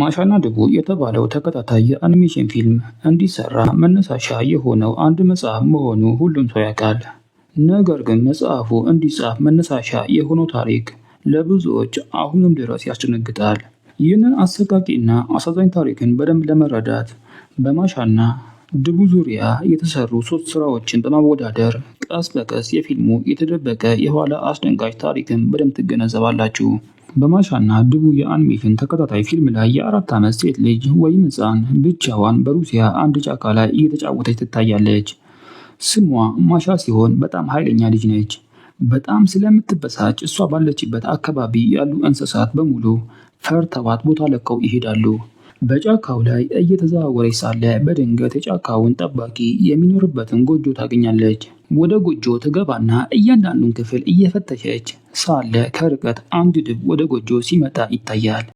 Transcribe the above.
ማሻና ድቡ የተባለው ተከታታይ የአኒሜሽን ፊልም እንዲሰራ መነሳሻ የሆነው አንድ መጽሐፍ መሆኑ ሁሉም ሰው ያውቃል። ነገር ግን መጽሐፉ እንዲጻፍ መነሳሻ የሆነው ታሪክ ለብዙዎች አሁንም ድረስ ያስደነግጣል። ይህንን አሰቃቂና አሳዛኝ ታሪክን በደንብ ለመረዳት በማሻና ድቡ ዙሪያ የተሰሩ ሶስት ስራዎችን በማወዳደር ቀስ በቀስ የፊልሙ የተደበቀ የኋላ አስደንጋጭ ታሪክን በደንብ ትገነዘባላችሁ። በማሻና ድቡ የአኒሜሽን ተከታታይ ፊልም ላይ የአራት ዓመት ሴት ልጅ ወይም ሕፃን ብቻዋን በሩሲያ አንድ ጫካ ላይ እየተጫወተች ትታያለች። ስሟ ማሻ ሲሆን በጣም ኃይለኛ ልጅ ነች። በጣም ስለምትበሳጭ እሷ ባለችበት አካባቢ ያሉ እንስሳት በሙሉ ፈርተዋት ቦታ ለቀው ይሄዳሉ። በጫካው ላይ እየተዘዋወረች ሳለ በድንገት የጫካውን ጠባቂ የሚኖርበትን ጎጆ ታገኛለች። ወደ ጎጆ ትገባና እያንዳንዱን ክፍል እየፈተሸች ሳለ ከርቀት አንድ ድብ ወደ ጎጆ ሲመጣ ይታያል።